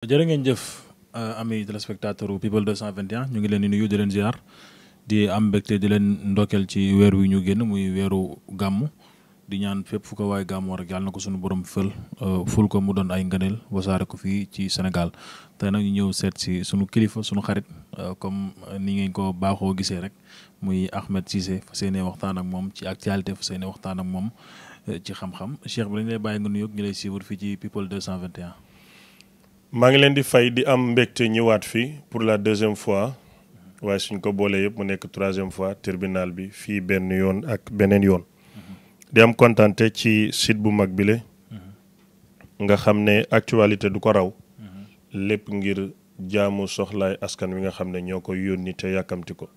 jërë ngeen jëf euh, amis téléspectateurs people 221 ñu ngi leen di nuyu di leen ziar di am mbégte di leen ndokkeel ci weer wi ñu génn muy weeru gàmm di ñaan fépp fu ko waaye gàmmoo rek yàlla ko suñu borom fël euh, ful ko mu doon ay ngëneel wasaare ko fii ci Sénégal te nag ñu ñëw seet si suñu kilifa suñu xarit euh, comme ni ngeen ko baaxoo gisee rek muy Ahmed Cissé fa seenee waxtaan ak moom ci actualité fa seenee waxtaan ak moom ci xam-xam Cheikh bi dañ lay bàyyi nga nuyoog ñu lay suivre fii ci maa ngi leen di fay di am mbégte ñëwaat fii pour la deuxième fois waaye suñ ko boolee yëpp mu nekk troisième fois tribunal bi fii benn yoon ak beneen yoon. di am kontante ci site bu mag bile. nga xam ne actualité du ko raw. lépp ngir jaamu soxlaay askan wi nga xam ne ñoo ko yónni te yàkkamti ko.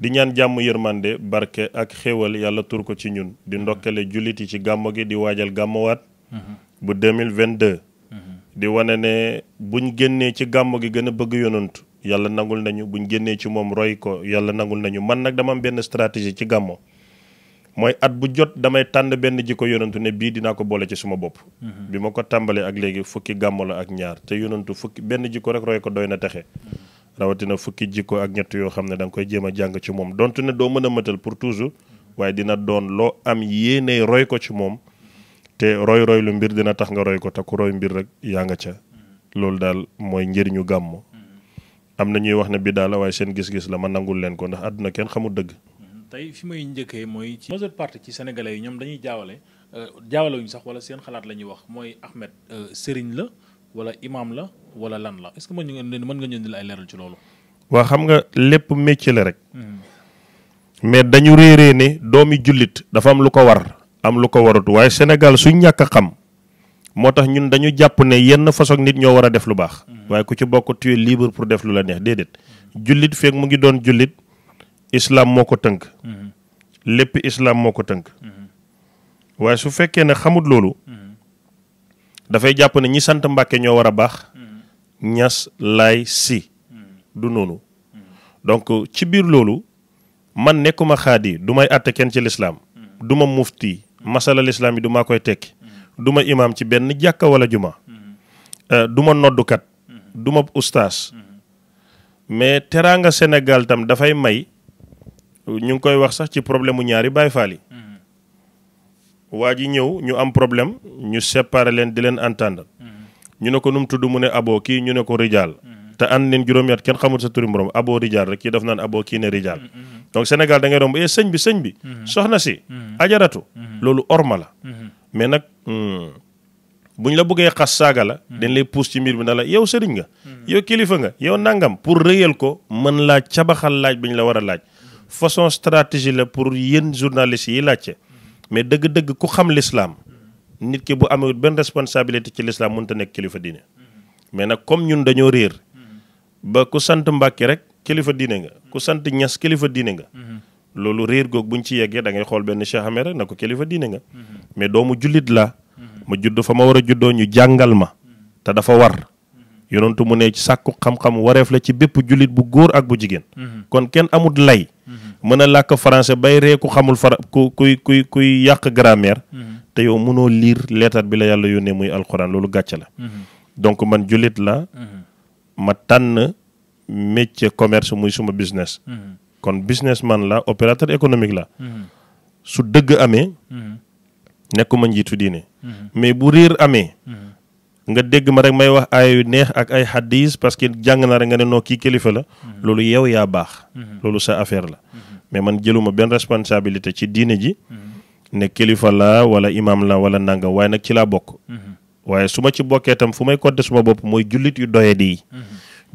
di ñaan jàmm yërmande barke ak xéwal yàlla tur ko ci ñun di ndokkale jullit yi ci gàmmo gi di waajal gàmmowaat. bu 2022 di wane ne buñ génnee ci gàmmu gi gën a bëgg yonantu yàlla nangul nañu buñ génnee ci moom roy ko yàlla nangul nañu man nag dama am benn stratégie ci gàmmo mooy at bu jot damay tànn benn jikko yonantu ne bii dina ko boole ci suma bopp. Mhm. bi ma ko tàmbalee ak léegi fukki gàmmo la ak ñaar te yonantu fukki benn jikko rek roy ko doy na texe. Mhm. rawatina fukki jikko ak ñett yoo xam ne da nga koy jéem a jàng ci moom donte ne doo mën a mëtal pour toujours waaye dina doon loo am yéeney roy ko ci moom. te roy roy lu mbir dina tax nga roy ko te ku roy mbir rek yaa nga ca loolu daal mooy njëriñu gàmmu am na ñuy wax ne bidaa la waaye seen gis-gis la ma nangul leen ko ndax àdduna kenn xamul dëgg. tey fi may njëkkee mooy. ci majeure partie ci sénégalais yi ñoom dañuy jaawale euh, jaawale wuñ sax wala seen xalaat la ñuy wax mooy Ahmed euh, sëriñ la wala imaam la wala lan la est-ce que mën nga mën nga ñëndil ay leeral ci loolu. waa xam nga lépp métier la rek. Hmm. mais dañu réeree ne doomi jullit dafa am lu ko war. am lu ko warut waaye Sénégal su ñàkk a xam moo tax ñun dañu jàpp ne yenn façon nit ñoo war a def lu baax. Mm. waaye ku ci bokk tu es libre pour def lu la neex déedéet. jullit feeg mu ngi doon jullit islam moo ko tënk. Mm-hmm. lépp islam moo ko tënk. Mm-hmm. waaye su fekkee ne xamut loolu. Mm-hmm. dafay jàpp ne ñi sant Mbàkke ñoo war a baax. ñas laay si. du noonu. donc ci biir loolu man nekkuma xaadi du may àtte kenn ci lislaam du mufti masala lislaam yi du maa koy tekki du ma imaam ci benn jàkka wala juma euh, du ma noddukat du ma ustaas mais teraanga Sénégal tam dafay may ñu ngi koy wax sax ci problème mu ñaari Baay Faal waa ji ñëw ñu am problème ñu séparer leen di leen entendre mm-hmm. ñu ne ko nu mu tudd ne aboo ñu ne ko rijaal mm-hmm. te ànd leen juróomi at kenn xamul sa turi morom abo rijaal rek kii daf naan abo kii ne rijaal donc Sénégal da ngay romb eh sëñ bi sëñ bi mm-hmm. soxna si mm-hmm. ajaratu mm-hmm. loolu orma la mais nag hmm, bu ñu la bëggee xas saaga la dañ lay puus ci mbir bi na la yow sëriñ nga yow kilifa nga yow nangam pour rëyal ko mën laa cabaxal laaj bi ñu la war a laaj façon stratégie la pour yéen journalistes yi laaj laajte mais dëgg-dëgg ku xam lislaam nit ki bu amewut benn responsabilité ci l'islam mënut a nekk kilifa diine mais nag comme ñun dañoo réer ba ku sant Mbàkke rek kilifa diine nga ku sant Ñas kilifa diine nga. Mm-hmm. loolu réer bu ñu ci yeggee da ngay xool benn Cheikh Ahmed rek na ko kilifa diine nga. Mm-hmm. mais doomu jullit la mm-hmm. ma judd fa ma war a juddoo ñu jàngal ma. te dafa war. yonentu mu ne ci sàkku xam-xam wareef la ci bépp jullit bu góor ak bu jigéen. kon kenn amut lay. mën a làkk français bay rek ku xamul fara ku kuy kuy kuy yàq grammaire. te yow mënoo liir leetar bi la yàlla yónnee muy alxuraan loolu gàcce la. donc ma tànn métier commerce muy suma business. Mhm. kon business man la opérateur économique la. Mhm. su dëgg amee. Mhm. nekkuma njiitu diine. mais bu riir amee. nga dégg ma rek may wax ay neex ak ay xaddis parce que jàng na rek nga ne noo kii kilifa la. loolu yow yaa baax. loolu sa affaire la. mais man jëluma benn responsabilité ci diine ji. ne kilifa la wala imam la wala nanga waaye nag ci laa bokk. waaye su ma ci bokkee tam fu may kotte suma bopp mooy jullit yu doye di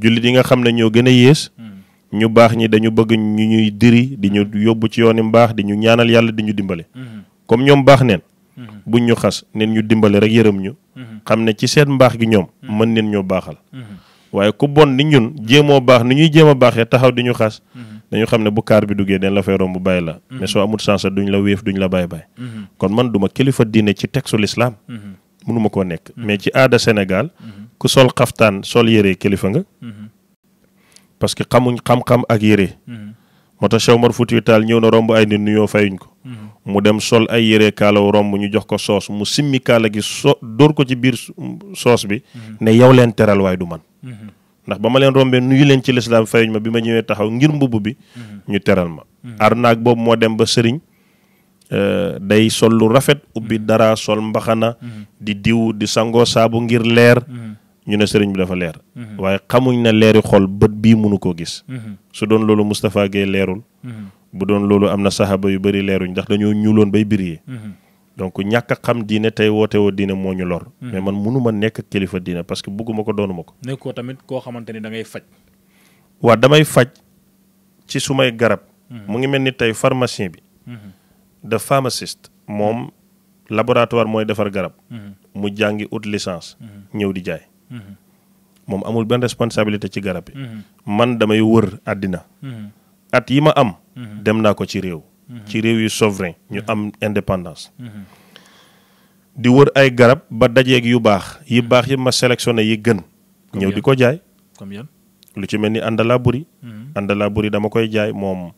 jullit yi nga xam ne ñoo gën a yées ñu baax ñi dañu bëgg ñu ñuy diri di ñu yóbbu ci yoon yooni mbaax di ñu ñaanal yàlla di ñu dimbale comme ñoom baax neen buñ ñu xas neen ñu dimbale rek yërëm ñu xam ne ci seen mbaax gi ñoom mën neen ñoo baaxal waaye ku bon ni ñun jéemoo baax ni ñuy jéem a baaxee taxaw di ñu xas dañu xam ne bu kaar bi duggee dañ la fay romb bàyyi la mais soo amul sansa duñ la wéef duñ la bàyyi bàyyi kon man duma kilifa diine ci textu lislaam mënuma koo nekk. Mm-hmm. mais ci aada senegal mm-hmm. ku sol xaftaan sol yére kilifa nga. Mm-hmm. parce que xamuñ xam-xam ak yére. moo tax Cheikh Omar Foutiyou Tall ñëw na romb ay nit nuyoo fayuñ ko. mu dem sol ay yére kaalaw romb ñu jox ko soos mu simmi kaala gi so dóor ko ci biir soos bi. ne yow leen teral waaye du man. ndax ba ma leen rombee nuyu leen ci lislaam fayuñ ma bi ma ñëwee taxaw ngir mbubb bi. ñu teral ma. arnaak boobu moo dem ba sëriñ. Euh, day sol lu rafet ubbi mm-hmm. dara sol mbaxana mm-hmm. di diw di sangoo saabu ngir leer mm-hmm. ñu ne sëriñ bi dafa leer waaye xamuñ na leeri xol bët bii mënu koo gis su doon loolu Moustapha Guèye leerul bu doon loolu am na sahaba yu bëri leeruñ ndax dañoo ñuuloon bay biriyee donc ñàkk a xam diine tey woote woo diine moo ñu lor mais man mënuma nekk kilifa diine parce que bugguma ko doonuma ko nekkoo tamit koo xamante ni da ngay faj waa damay faj ci sumay garab mu ngi mel ni tey pharmacien bi the pharmacist moom laboratoire mooy defar garab. Mm-hmm. mu jàngi ut licence. Mm-hmm. ñëw di jaay. Mm-hmm. moom amul benn responsabilité ci garab bi. man damay wër àddina. at yi ma am. dem naa ko ci réew. ci réew yu souverain ñu am indépendance. di wër ay garab ba dajeeg yu baax yi baax yi ma sélectionné yi gën. ñëw di ko jaay. comme yan lu ci mel ni àndalaa buri. àndalaa buri dama koy jaay moom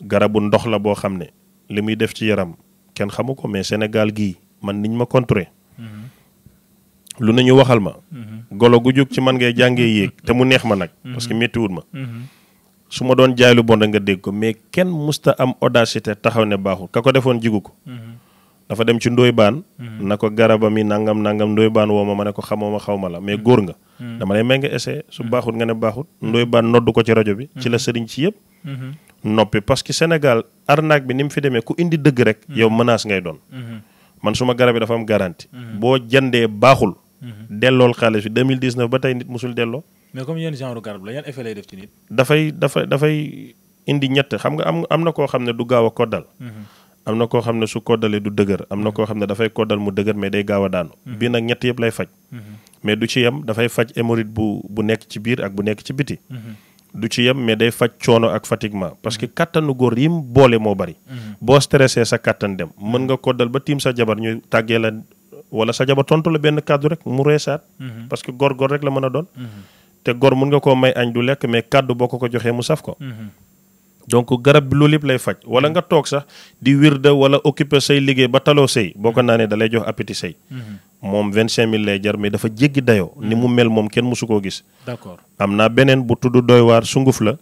garabu ndox la boo xam ne. li muy def ci yaram kenn xamu ko mais Sénégal gii man niñ ma contré mm-hmm. lu nañu waxal ma mm-hmm. golo gu jóg ci man ngay jàngee yéeg te mu neex ma nag mm-hmm. parce que ma su ma doon jaay lu bon nga dégg ko mais kenn musta am audacité taxaw ne baaxul ka ko defoon jigu ko dafa dem ci ndooy baan na ko garabam yi nangam nangam ndooy baan woo ma ma ne ko xamoo ma xaw ma la mais góor nga dama lay may nga essayé su baaxul nga ne baaxul ndooy baan noddu ko ci rajo bi ci la sëriñ ci yëpp noppi parce que Sénégal arnaque bi ni mu fi demee ku indi dëgg rek. Mm-hmm. yow menace ngay doon. Mm-hmm. man suma garab yi dafa am garantie. Mm-hmm. boo jëndee baaxul. dellool xaalis bi 2019 ba tey nit musul delloo. mais comme yenn genre garab la yan effet lay def ci nit. dafay dafay dafay indi ñett xam nga am am na koo xam ne du gaaw a koddal. am na koo xam ne su koddalee du dëgër am na koo xam ne dafay koddal mu dëgër mais day gaaw a daanu. bii nag ñett yëpp lay faj. mais du ci yem dafay faj hémorroïde bu bu nekk ci biir ak bu nekk ci biti. du ci yem mais day faj coono ak fatiguement parce que kattanu góor yi mu boole moo bari. boo stressé sa kattan dem mën nga koddal ba tiim sa jabar ñu tàggee la wala sa jabar tontu la benn kàddu rek mu reesaat. Mhm. parce que góor góor rek la mën a doon. Mhm. te góor mun nga koo may añ du lekk mais kàddu boo ko ko joxee mu saf ko. Mhm. donc garab bi loolu yëpp lay faj wala nga toog sax di wirda wala occuper say liggéey ba taloo sëy boo ko naanee dalay jox appétit sëy mhm. moom vingt cinq mille lay jar mais dafa jéggi dayoo mhm. ni mu mel moom kenn mosu koo gis d'accord am naa beneen bu tudd dooy waar sunguf la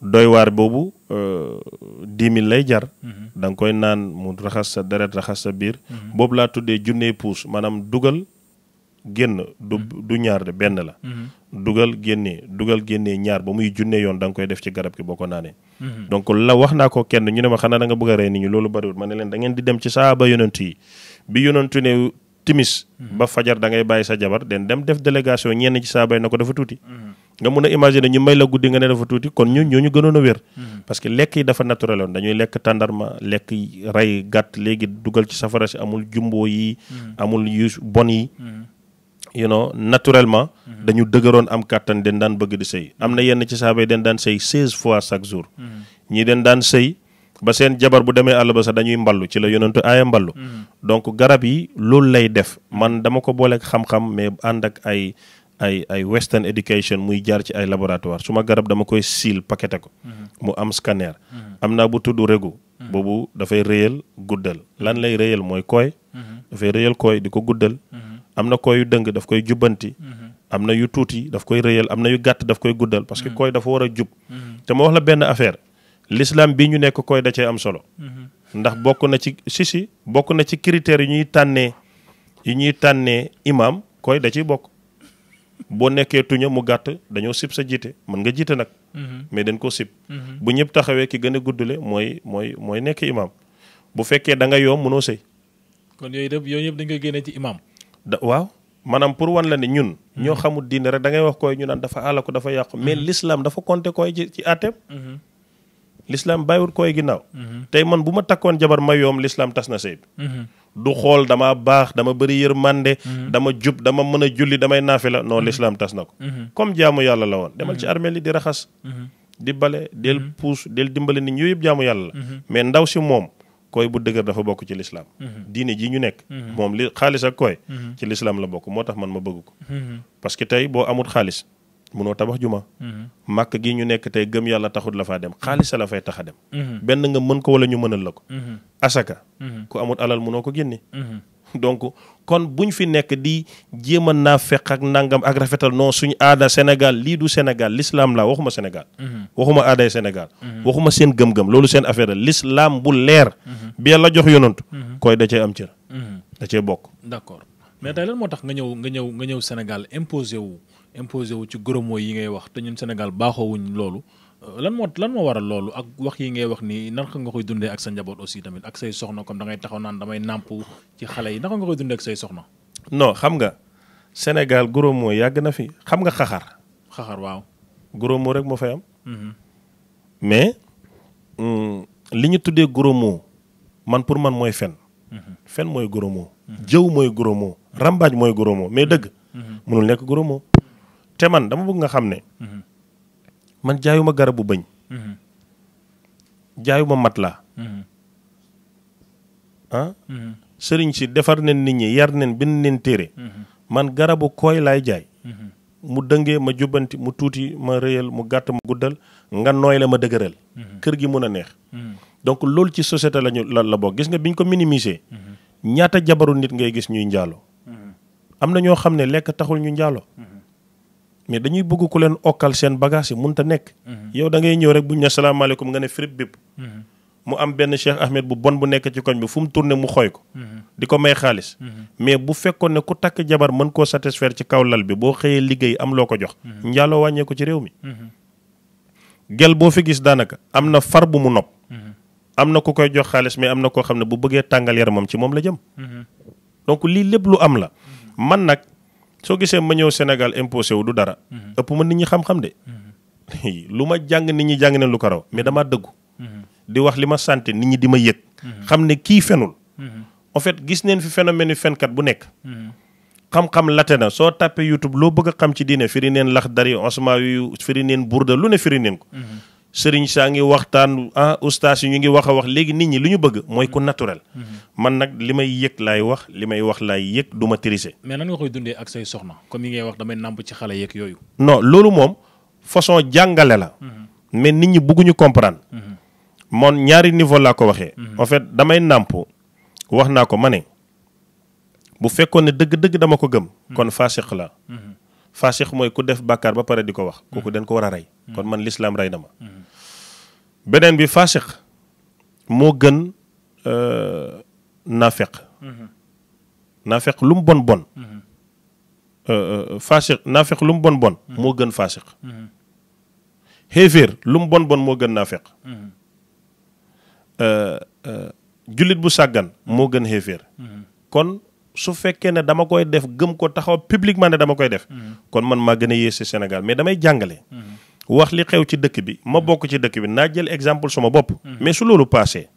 doy waar boobu euh, dix mille lay jar mhm. da koy naan mu raxas sa deret raxas sa biir boobu laa tuddee junnee puus maanaam dugal génn du mm-hmm. du ñaar de benn la. Mm-hmm. dugal génnee dugal génnee ñaar ba muy junne yoon da nga koy def ci garab ki boo ko naanee. Mm-hmm. donc la wax naa ko kenn ñu ne ma xanaa da a rey nit ñi loolu bariwul ma ne leen da ngeen di dem ba fajar da ngay bàyyi sa jabar den dem def délégation ñenn ci saaba na ko dafa tuuti. nga mun a imaginer ñu may la guddi nga ne dafa tuuti kon ñu ñoo ñu gënoon a wér. parce que lekk yi dafa naturel woon dañuy lekk tàndarma lekk rey gàtt léegi dugal ci safara si amul jumbo yi. amul yu bon yi. you know naturellement. dañu dëgëroon am kàttan den daan bëgg di sëy am na yenn ci saabay den daan sëy seize fois chaque jour. Mhm. ñi den daan sëy ba seen jabar bu demee àll ba sax dañuy mballu ci la yonentu aaya mballu. Mhm. donc garab yi loolu lay def man dama ko booleek xam-xam mais ànd ak ay ay ay western education muy jaar ci ay laboratoire suma garab dama koy siil paqueté ko. Mhm. mu am scanner. am naa bu tudd regu. boobu dafay réyal guddal lan lay réyal mooy kooy. dafay réyal kooy am na koy dëng daf koy jubbanti. Mhm. am na yu tuuti daf koy rëyal am na yu gàtt daf koy guddal. parce que mhm. koy dafa war a jub. Mhm. te ma wax la benn affaire lislaam bi ñu nekk koy da cee am solo. ndax bokk na ci si bokk na ci critères yu ñuy tànnee yu ñuy tànnee imam koy da ciy bokk. boo nekkee tuña mu gàtt dañoo sib sa jiite mën nga jiite nag. mais dañ koo sib. bu ñëpp taxawee ki gën a guddule mooy mooy mooy nekk imam bu fekkee da nga yoom mënoo sëy. kon yooyu yëpp yooyu yëpp dañ koy génnee ci imam. da waaw maanaam pour wan la ne ñun. ñoo mhm. xamul diine rek da ngay wax koy ñu naan dafa àll dafa yàqu mais mhm. l'islam dafa compter koy ci ci àtteem. Mhm. l'islam bàyyiwul koy ginnaaw. tey man bu ma takkoon jabar mayoom l'islam tas na sëy bi du xool dama baax dama bëri yërmande. dama jub dama mën a julli damay naafi la non l'islam tas na ko. comme jaamu yàlla la woon. demal ci armeel yi di raxas. di bale del puus del dimbali nit ñi yëpp jaamu yàlla la. mais ndaw si moom. koy bu dëgër dafa bokk ci lislaam mhm. diine ji ñu nekk mhm. moom li xaalis ak koy mhm. ci lislaam la bokk moo tax man ma bëgg ko parce que tey boo amut xaalis mënoo tabax juma màkk gi ñu nekk tey gëm yàlla taxut la faa dem xaalisa la fay tax a dem benn nga mën ko wala ñu mënal la ko asaka ku amut alal mënoo ko génne donc kon bu ñu fi nekk di jéem a naa fekk ak nangam ak rafetal non suñu aada Sénégal lii du Sénégal l'islam la waxuma Sénégal. Mhm. waxuma aaday Sénégal. Mhm. waxuma seen gëm-gëm loolu seen affaire la l'islam bu leer. Mhm. bi yàlla jox yonantu. koy da cee am cër. da cee bokk. d'accord mais tey lan moo tax nga ñëw nga ñëw nga ñëw Sénégal imposé wu imposé wu ci gros mots yi ngay wax te ñun Sénégal baaxoowuñ loolu. lan moo lan moo waral loolu ak wax yi ngay wax ni naka nga koy dundee ak sa njaboot aussi tamit ak say soxna comme da ngay taxaw naan damay nàmp ci xale yi naka nga koy dundee ak say soxna. non xam nga Sénégal gros yàgg na fi xam nga xaxar. xaxar waaw. gros mot rek moo fay am. Mm-hmm. mais li ñu tuddee gros man pour man mooy fen. Mm-hmm. fen mooy gros mot. Mm-hmm. jëw mooy gros mot. rambaaj mooy gros mot mais dëgg. mënul nekk gros te man dama bëgg nga xam ne. man jaayuma garabu bëñ mhm. jaayuma mat laa mhm. ah mhm. sëriñ si defar nen nit ñi yar nen bind nen téere man garabu kooy laay jaay mu dëngee ma jubbanti mu tuuti ma rëyal mu gàtt ma guddal nga nooy la ma dëgëral kër gi mun a neex donc loolu ci société lañu la la bokk gis nga bi ñu ko minimiser ñaata jabaru nit ngay gis ñuy njaalo am na ñoo xam ne lekk taxul ñu njaalo mais dañuy bëgg ku leen okkal seen bagage yi mun a nekk. Mhm. yow da ngay ñëw rek bu ñu ne salaamaaleykum nga ne frip bépp. Mhm. mu am benn Cheikh Ahmed bu bon bu nekk ci koñ bi fu mu tourné mu xooy ko. Mhm. di ko may xaalis. mais bu fekkoon ne ku takk jabar mën koo satisfaire ci kaw lal bi boo xëyee liggéey am loo ko jox. njaaloo wàññeeku ci réew mi. gel boo fi gis daanaka am na far bu mu nopp. am na ku koy jox xaalis mais am na koo xam ne bu bëggee tàngal yaramam ci moom la jëm. donc lii lépp lu am la. man nag soo gisee ma ñëw Sénégal imposé wu du dara. Mhm. ëpp ma nit ñi xam-xam de. Mhm. lu ma jàng nit ñi jàng ne lu ko raw mais damaa dëggu. Mhm. di wax li ma santé nit ñi di ma yëg. xam ne kii fenul. en fait gis neen fi phénomène yu fenkat bu nekk. xam-xam late na soo tàppee YouTube loo bëgg a xam ci diine firi neen lax dari osma yu firi neen burda lu ne firi neen ko. sëriñ saa ngi waxtaan ah ustaas ñu ngi wax a wax léegi nit ñi lu ñu bëgg mooy ku naturel. man nag li may yëg laay wax li may wax laay yëg du ma mais nan nga koy dundee ak say soxna comme yi ngay wax damay nàmp ci xale yeeg yooyu. non loolu moom façon jàngale la. mais nit ñi bëgguñu comprend moon ñaari niveau laa ko waxee. en fait damay nàmp wax naa ko ma ne bu fekkoon ne dëgg-dëgg dama ko gëm. kon faasiq la. faasiq mooy ku def bàkkaar ba pare di ko wax. kooku den ko war a rey. kon man lislaam rey na beneen bi fasiq moo gën naafeq euh, naafeq mhm. lu mu bon bon mhm. euh, euh, fasiq naafeq mhm. lu mu bon bon moo gën fasiq xéeféer lu bon bon moo gën naafeq jullit bu sàggan moo gën xéeféer kon su fekkee ne dama koy def gëm ko taxaw publiquement ne dama koy def kon man maa gën a yées Sénégal mais damay jàngale wax li xew ci dëkk bi ma bokk ci dëkk bi naa jël exemple sama bopp. Mm-hmm. mais su loolu paasee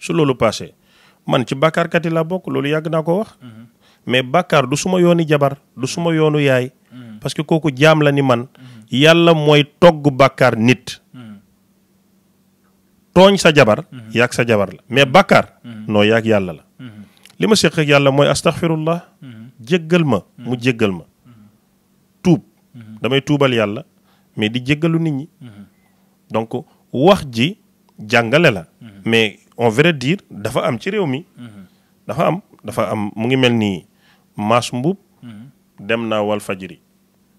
su loolu paasee man ci bàkkaarkat yi laa bokk loolu yàgg naa ko wax. Mm-hmm. mais bàkkaar du suma yooni jabar du suma yoonu yaay. Mm-hmm. parce que kooku jaam la ni man. yàlla mooy togg bàkkaar nit. tooñ sa jabar. yaag sa jabar la mais bàkkaar. noo yaag yàlla la. li ma séq yàlla mooy astaghfirullah jéggal ma mu jéggal ma. tuub damay tuubal yàlla. mais di jéggalu nit ñi. Mm-hmm. donc wax ji jàngale la. Mm-hmm. mais on vrai dire dafa am ci réew mi. Mm-hmm. dafa am dafa am mu ngi mel ni Mass Mboup dem na wal fajiri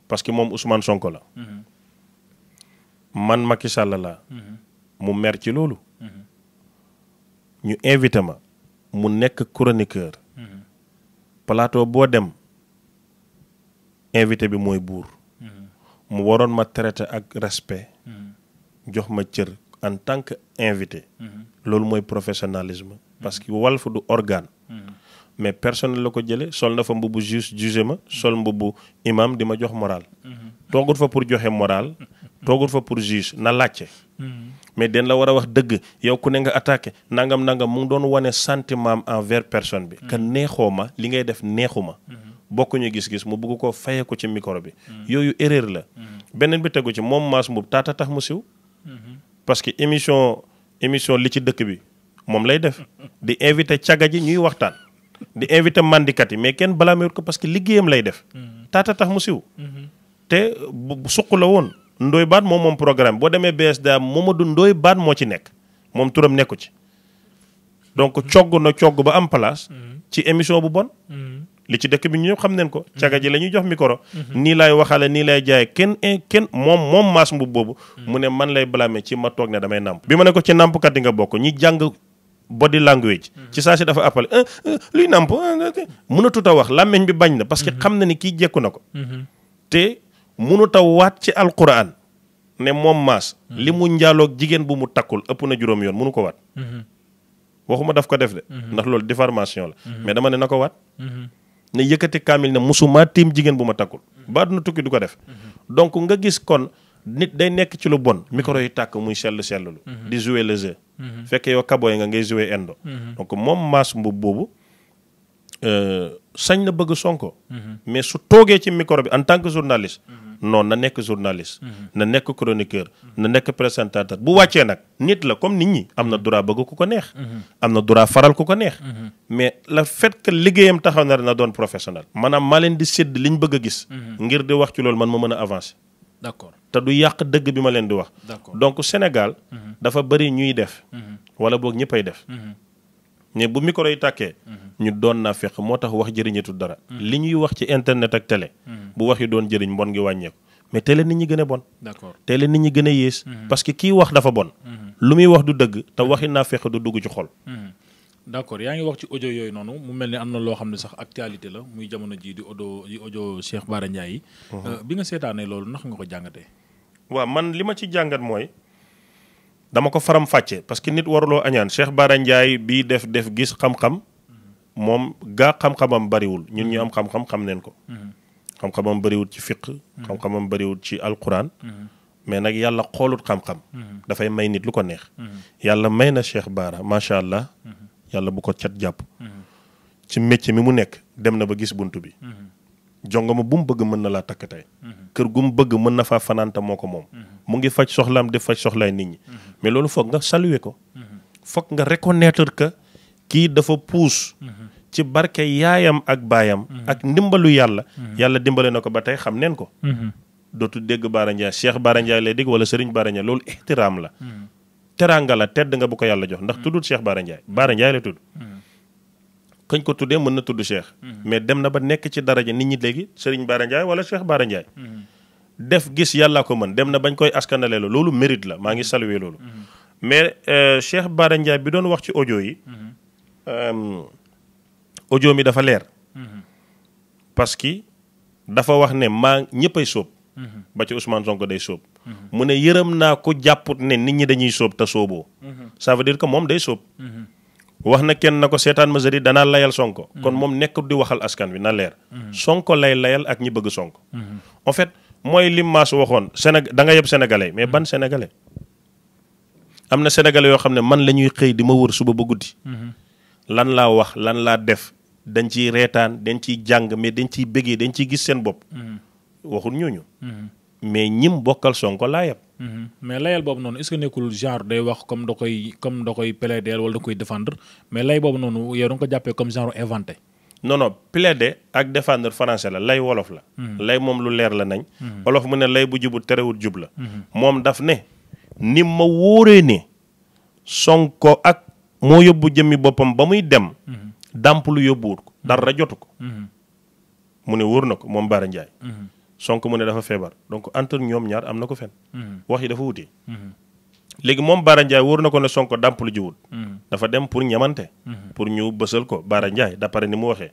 parce que moom Ousmane Sonko la. man Macky Sall la mu mer ci loolu. ñu invité ma mu nekk chroniqueur. plateau boo dem invité bi mooy buur. mu waroon ma traité ak respect. Hmm. jox ma cër en tant que invité. Hmm. loolu mooy professionnalisme. Hmm. parce que fa du organe. mais personne la ko jëlee sol na fa mbubu juste jugé ma sol mbubu imam di ma jox moral. toogut fa pour joxe moral. toogut fa pour juge na laajte. mais den la war a wax dëgg yow ku ne nga attaqué nangam nangam mu ngi doon wane sentiment am envers personne bi. que neexoo ma li ngay def neexu ma. bokkuñu gis-gis mu bugg ko fayee ko ci micro bi. Hmm. yooyu erreur la. Hmm. beneen bi tegu ci moom Mass Mboup taata tax mu siw. Hmm. parce que émission émission li ci dëkk bi moom lay def di invité caga ji ñuy waxtaan di invité mandikat yi mais kenn balaamewut ko parce que liggéeyam lay def. taata tax mu siw. te bu la woon. Ndoye Bane moom moom programme boo demee BSDA Momadou Ndoye baat moo ci nekk moom turam nekku ci donc cogg na cogg ba am place. ci émission bu bon. li ci dëkk bi ñu xam neen ko caga ji la ñuy jox micro mhm. nii laay waxale nii laay jaaye kenn kenn moom moom maas mbub boobu mhm. mu ne man lay blâmer ci ma toog ne damay namp bi ma ne ko ci nàmpkat yi nga bokk ñi jàng body language mhm. ci saa si dafa appelé euh, euh, luy nàmp euh, mënatut a wax làmmiñ bi bañ na parce que xam na ni kii jekku na ko te mënut a waat ci alquraan ne moom maas li mu njaaloog jigéen bu mu takkul ëpp na juróom yoon mënu ko waat waxuma daf ko def de ndax loolu ne yëkkati kaamil ne musuma tiim jigéen bu ma takkul ba duna tukki du ko def donc nga gis kon nit day nekk ci lu bon micro yi tàkk muy sell selllu di jouer le jeu fekk yow kabooy nga ngay jouer endo donc moom maas mbub boobu euh, sañ na bëgg Sonko mhm. mais su toogee ci micro bi en tant que journaliste mhm. non na nekk journaliste. Mhm. na nekk chroniqueur. na nekk présentateur bu wàccee nag nit la comme nit ñi am na mhm. droit bëgg ku ko neex. Mhm. am na droit faral ku ko neex. mais la fait liggéeyam taxaw na na doon professionnel. maanaam maa leen di sédd li ñu bëgg a gis. ngir di wax ci loolu man ma mën a avancer. d'accord te du yàq dëgg bi ma leen di wax. donc Sénégal. dafa bëri ñuy def. wala boog ñëppay def. mais bu micro yi tàkkee. Mhm. ñu doon naa fekk moo tax wax jëriñatul dara. Mhm. li ñuy wax ci internet ak télé. Mhm. bu wax yi doon jëriñ mbon ngi wàññeeku. mais télé nit ñi gën a bon. d'accord télé nit ñi gën a yées. parce que kii wax dafa bon. lu muy wax du dëgg te waxi naa fekk du dugg ci xol. d'accord yaa ngi wax ci audio yooyu noonu mu mel ni am na loo xam ne sax actualité la muy jamono jii di ojo di audio Cheikh Bara euh, bi nga seetaanee loolu ndax nga ko jàngatee. waaw man li ma ci jàngat mooy. dama ko faram fàcce parce que nit waruloo añaan Cheikh Bara Ndiaye bii def def gis xam-xam moom gaa xam-xamam bariwul ñun ñu am xam-xam xam neen ko xam-xamam bariwul ci fiq xam-xamam bariwul ci alquran mais nag yàlla xoolut xam-xam dafay may nit lu ko neex yàlla may na Cheikh baara macha allah yàlla bu ko cet jàpp ci métier mi mu nekk dem na ba gis bunt bi jongoma bu mu bëgg mën na laa takk tey kër gu mu bëgg mën na faa fanaanta moo ko moom mu ngi faj soxlaam di faj soxlaay nit ñi mais loolu foog nga saluer ko foog nga reconnaître que kii dafa puus ci barke yaayam ak baayam ak ndimbalu yàlla yàlla dimbale na ko ba tey xam neen ko dootu dégg Baara Ndiaye Cheikh Baara Ndiaye lay dégg wala Serigne Baara Ndiaye loolu ihtiraam la teraanga la tudd kañ ko tuddee mën na tudd cheikh. Mhm. mais dem na ba nekk ci daraja nit ñi léegi Serigne Bara Ndiaye wala Cheikh Bara Ndiaye. Mhm. def gis yàlla ko mën dem na bañ koy askanale la loolu mérite la maa ngi mhm. saluer loolu. mais euh, Cheikh Bara Ndiaye bi doon wax ci audio yi. Euh, audio mi dafa leer. parce que dafa wax ne maa ñëppay sóob. ba ci Ousmane Sonko day sóob. mu ne yërëm naa ko jàpput ne nit ñi dañuy sóob te sóoboo. ça veut dire moom day sóob. wax na kenn na ko seetaan ma sëriñ danaa layal sonko. Mm-hmm. kon moom nekkul di waxal askan wi na leer. Mm-hmm. sonko lay layal ak ñi bëgg sonko. Mm-hmm. en fait mooy lim maas waxoon Sénégal danga yeb sénégalais mais ban sénégalais. am na sénégalais yoo xam ne man la ñuy xëy di ma wër suba ba guddi. lan laa wax lan laa def dañ ciy reetaan dañ ciy jàng mais dañ ciy bëggee dañ ciy gis seen bopp. waxul ñooñu. mais ñim bokkal sonko laa yeb. Mhm. mais layal boobu noonu est-ce nekkul genre day wax comme da koy comme da koy da koy défendre mais lay boobu noonu yow da ko jàppee comme genre inventé. non non plaider ak défendre français la lay wolof la. Mhm. lay moom lu leer la nañ. Mhm. wolof mu ne lay bu jubut terewul jub la. moom daf ne ni ma wóoree ne Sonko ak moo yóbbu jëmmi boppam ba muy dem. dàmp lu yóbbuwut ko dara jotu ko. mu ne wóor na ko moom Bara Ndiaye. Sonko mu ne dafa feebar donc entre ñoom ñaar am na ko fen mhm. wax yi dafa wute. Mhm. léegi moom Baara Ndiaye wóor na ko ne Sonko dàmp lu jiwut mhm. dafa dem pour ñamante. pour ñu bësal ko Baara Ndiaye d'après ni mu waxee.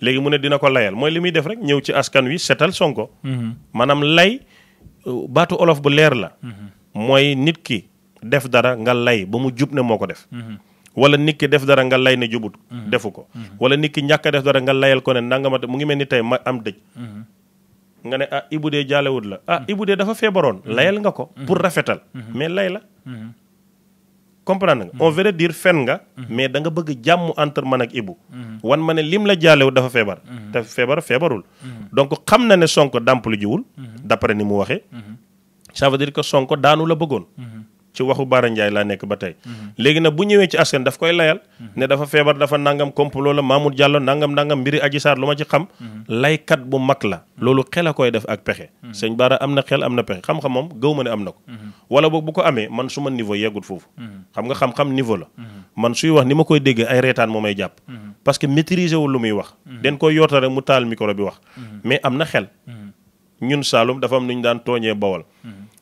léegi mu ne dina ko layal mooy li muy def rek ñëw ci askan wi setal Sonko. maanaam lay euh, baatu olof bu leer la. mooy nit ki def dara nga lay ba mu jub ne moo ko def. wala nit ki def dara nga lay ne jubut. defu ko wala nit ki ñàkk a def dara nga layal ko ne nangamate mu ngi mel ni tey ma am dëj. nga ne ah Ibou de jaalewut la ah Ibou de dafa feebaroon layal nga ko pour rafetal mais lay la comprendre nga on veut dire fen nga mais da nga bëgg jàmm entre man ak Ibou wan ma ne lim la jaalewut dafa feebar te feebar feebarul donc xam na ne Sonko dàmpalu jiwul d'après ni mu waxee ça veut dire que Sonko daanu la bëggoon ci waxu Bara Ndiaye laa nekk ba tey. Mhm. léegi nag bu ñëwee ci askan daf koy layal. Mhm. ne dafa feebar dafa nangam complot la Mamour Diallo nangam nangam mbiri Adji Sarr lu ma ci xam. Mhm. laykat bu mag la. loolu xel a koy def ak pexe. sëñ Bara am na xel am na pexe xam na ko. wala boog ma niveau yeggul foofu. xam nga xam-xam niveau la. man suy ma koy déggee ay reetaan moo may jàpp. parce que maîtriser wul lu muy wax. den koy yoota mu taal micro bi wax. mais am na xel. ñun Saalum dafa am nu ñu daan tooñee Bawol.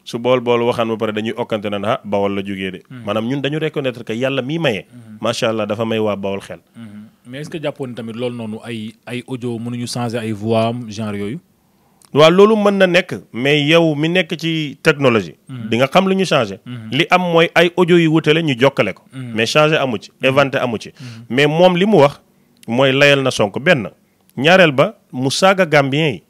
su bool bool waxaan ba pare dañuy okkante naan ah bawol la jógee de. Mm-hmm. maanaam ñun dañu reconnaître que yàlla miy maye. Mm-hmm. macha allah dafa may waa bawol xel. Mm-hmm. mais est jàppoon tamit loolu noonu ay ay audio mënuñu changer ay voix genre yooyu. waaw loolu mën na nekk mais yow mi nekk ci technologie. di nga xam lu ñu changé. li am mooy ay ojo yu wutale ñu jokkale ko. mais changé amu ci inventé amu ci. mais moom li mu wax mooy layal na Sonko benn ñaareel ba mu saaga gambien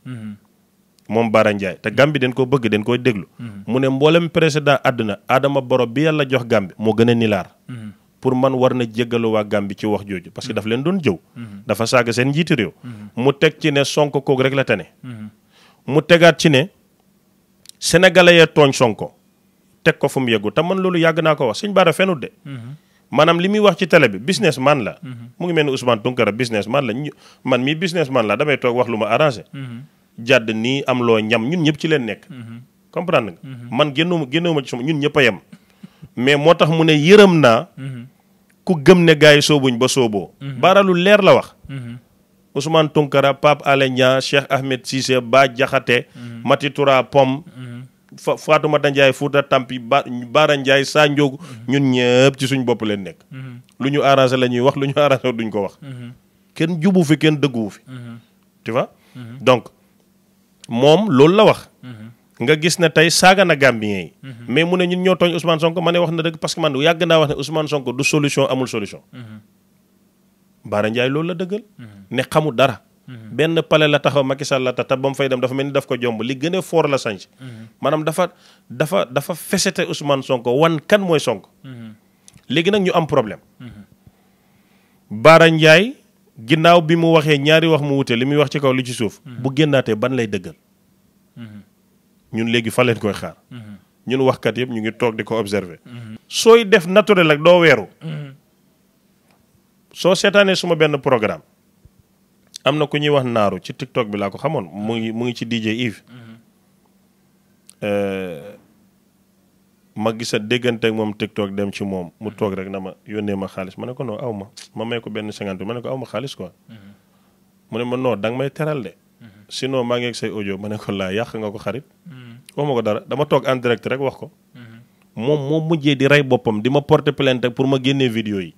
moom Bara Ndiaye te Gambie dañ koo bëgg dañ koo déglu. Mm-hmm. mu ne mboolem président àdduna Adama Barrow bi yàlla jox Gambie moo gën a nilaar. Mm-hmm. pour man war na jéggalu waa Gambie ci wax jooju parce que daf leen doon jëw. Mm-hmm. dafa saaga seen njiitu réew. mu teg ci ne Sonko kook rek la tane. mu tegaat ci ne sénégalais ya tooñ Sonko teg ko fu mu yeggu te man loolu yàgg naa ko wax sëñ Bara fenut de. maanaam li muy wax ci télé bi business man la. mu ngi mel ni Ousmane Tounkara la man mii business man la damay toog wax lu ma arrangé. jàdd nii am loo ñam ñun ñëpp ci leen nekk. Mhm. comprendre nga. Mhm. man génnoo ma génnoo ma ci sama ñun ñëpp a mais moo tax mu ne yërëm naa. Mhm. ku gëm ne gars yi soobuñ ba sooboo. baara leer la wax. Ousmane Tunkara Pape Alé Niang Cheikh Ahmed Cissé Ba Jaxate Mati Toura Pom. fa Fatoumata Ndiaye Fouta Tampi ba Baara Ndiaye Saa Ndiogou ñun ñëpp ci suñ bopp leen nekk. lu ñu arrangé la ñuy wax lu ñu arrangé duñ ko wax. kenn jubu fi kenn dëgguwu fi. tu vois moom loolu la wax. Mhm. nga gis ne tey saaga na Gambien mhm. mais mu ne ñun ñoo tooñ Ousmane Sonko ma ne wax na dëgg parce que man yàgg naa wax ne Ousmane Sonko du solution amul solution. Mhm. Baara Ndiaye loolu la dëggal. ne xamul dara. benn pale la taxaw Macky Sall la tax te fay dem dafa mel ni daf ko jomb li gën a foor la sañ. maanaam dafa dafa dafa fesete Ousmane Sonko wan kan mooy sonk léegi nag ñu am problème. Baara Ndiaye ginnaaw bi mu waxee ñaari wax mu wute li muy wax ci kaw li ci suuf. Mm-hmm. bu génnaatee ban lay dëggal. Mm-hmm. ñun léegi fa leen koy xaar. Mm-hmm. ñun waxkat yëpp ñu ngi toog di ko observer. sooy def naturel ak doo weeru. soo seetaanee suma benn programme. am na ku ñuy wax naaru ci TikTok bi laa ko xamoon mu ngi ci DJ Yves. Euh, ma gisa déggante ak moom TikTok dem ci moom mu toog rek na ma yónnee ma xaalis ma ne ko non aw ma ma may ko benn cinquante ma ne ko aw ma xaalis quoi. Mm-hmm. ne ma non danga may teral de. Mm-hmm. sinon maa ngi ak ma ne ko laa yàq nga ko xarit. Mm-hmm. wax ma ko dara dama toog en direct rek wax ko. moom moo mujjee di rey boppam di ma porter plainte pour ma génnee vidéo yi.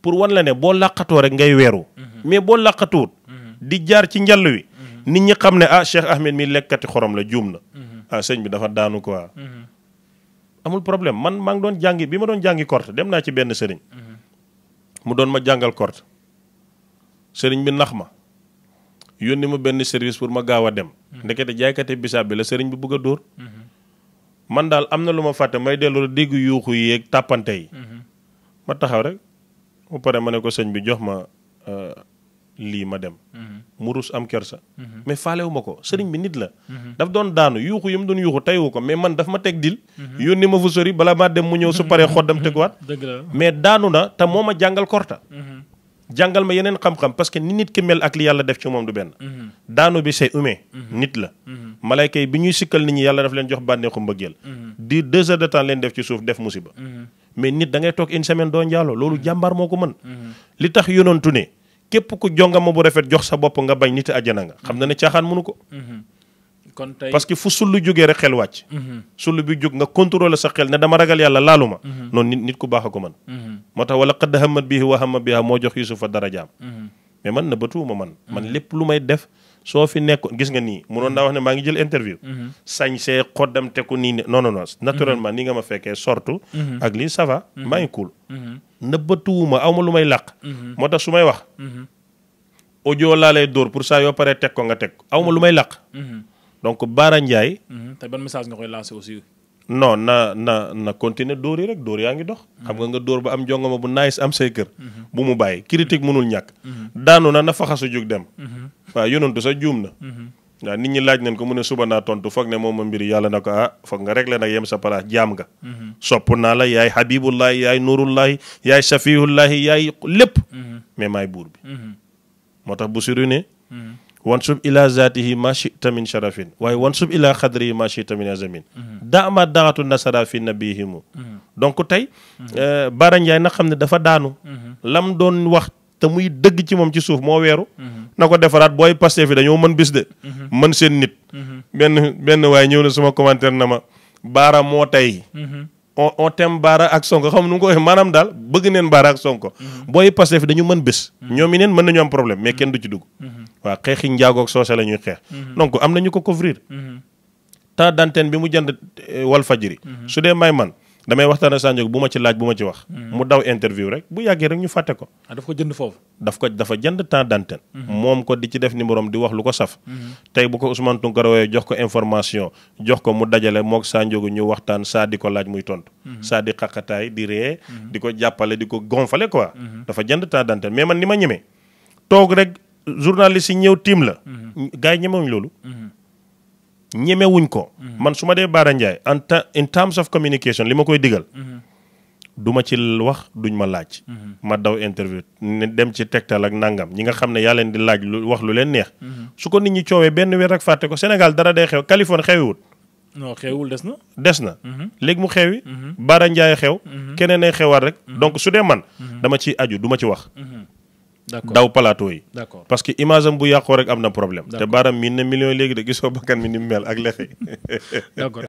pour wan la ne boo làqatoo rek ngay weeru. mais boo làqatuwut. di jaar ci njàll wi. nit ñi xam ne ah Cheikh Ahmed mi lekkati xorom la juum na. ah sëñ bi da daanu quoi. amul problème man maa doon jàngi bi ma doon jàngi korte dem naa ci benn sëriñ. Mhm. mu doon ma jàngal korte sëriñ bi nax ma yónni ma benn service pour ma gaaw a dem. Mhm. ndekete jaaykate bisaab bi la sëriñ bi bëgg a dóor. Mhm. man daal am na lu ma fàtte may dellu dégg yuuxu yi ak tàppante yi. ma taxaw rek mu pare ma ne ko sëñ bi jox ma. lii ma dem. Mhm. mu rus am kersa. Mhm. mais faalewu ma ko sëriñ bi nit la. Mhm. daf doon daanu yuuxu yi mu doon yuuxu taywu ko mais man daf ma teg dil. yónni ma fu sori balaa maa dem mu ñëw su xoddam teguwaat. dëgg mais daanu na te moo ma jàngal korta. jàngal ma yeneen xam-xam parce nit ki mel ak li yàlla def ci moom du benn. daanu bi c'est humain. nit la. malayka yi bi ñuy sikkal nit ñi yàlla daf leen jox bànneexu mbëggeel. deux heures de temps leen def ci suuf def musiba. képp ku jongama bu rafet jox sa bopp nga bañ nit àjjana nga xam na ne caaxaan mënu ko mhm. kon tey parce que fu sullu jógee rek xel wàcc mhm. sullu bi jóg nga contrôler sa xel ne dama ragal yàlla laalu ma mhm. noonu nit nit ku baax a ko man moo tax wala qad hammat bihi wa hamma biha moo jox yusufa darajaam mais man na batuuma man man lépp lu may def soo fi nekkoon gis nga nii munoon naa wax ne maa ngi jël interview sañ see xoddam teku nii non non non naturellement ni nga ma nëbbatuwuma aw ma lu may làq. Mhm. moo tax su may wax. Mhm. audio laa lay dóor pour saa yoo paree teg ko nga teg ko aw ma lu may làq. Mhm. donc Baara Ndiaye. te ban message nga koy lancer aussi. no na na na continuer dóor yi rek dóor yaa ngi dox. xam nga nga dóor ba am jongoma bu nice am say kër. bu mu bàyyi critique mënul ñàkk. daanu na na faxasu jug dem. waaw yonantu sa juum na. waaw nit ñi laaj nañ ko mu ne suba naa tontu foog ne moom ma mbir yàlla na ko ah foog nga régler nag yem sa place jaam nga. Mm-hmm. sopp naa la yaay Habibullahi yaay Nurullahi yaay Safiyullahi yaay lépp. Mm-hmm. mais maay buur bi. Mm-hmm. moo tax bu suru ne. ila zaatihi ma chita min sharafin waaye wansub ila xadrihi ma chita min azamin daama daatu nasara fi nabihimu donc tey euh, Bara Ndiaye nag xam ne dafa daanu lam doon wax te muy dëgg ci moom ci suuf moo weeru na ko defaraat booy Pastef fi dañoo man bis de. Mhm. mën seen nit. Mhm. benn benn waaye ñëw na sama commentaire na ma baara moo tey. Mhm. on on tem baara ak sonko xam nu mu ko waxee maanaam daal bëgg neen baara ak sonko. booy Pastef fi dañu mën bis. ñoom yi neen mën nañu am problème mais kenn du ci dugg. waa xeexi njaagoog soose la ñuy xeex. donc am na ñu ko couvrir. temps d'antenne bi mu jënd euh, Walfadjri. su dee may man. damay waxtaan ak Sanjog bu ma ci laaj bu ma ci wax. Hmm. mu daw interview rek bu yàggee rek ñu fàtte ko. Ah, ko jënd foofu. daf ko dafa jënd temps d'antenne. Hmm. moom ko di ci def numéro di wax lu ko saf. Hmm. tey bu ko Ousmane Tounkara woowee jox ko information jox ko mu dajale moog Sanjog ñu waxtaan saa di ko laaj muy tontu. saa di xaqataay di ree. di ko jàppale di ko gonfale quoi. dafa jënd temps d'antenne mais man ni ma ñemee toog rek journaliste yi ñëw tiim la. gars yi ñemewuñ loolu. ñemewuñ ko. Mhm. man su ma dee Baara Ndiaye en in terms of communication li ma koy digal. Mhm. du ma ci wax duñ ma laaj. Mhm. ma daw interview ne dem ci tegtal ak nangam ñi nga xam ne yaa leen di laaj lu wax lu leen neex. su ko nit ñi coowee benn weer ak fàtte ko senegal dara day xew Californie xewiwut. non xewul des na. des na. léegi mu xewi. Baara Ndiaye xew. keneen ay xewal rek. donc su dee man. dama ci aju du ma ci wax. daw plateau yi. d'accord parce que image am bu yàqoo rek am na problème. te baaram miin na million léegi de gisoo bakkan mi ni mu mel ak lexe.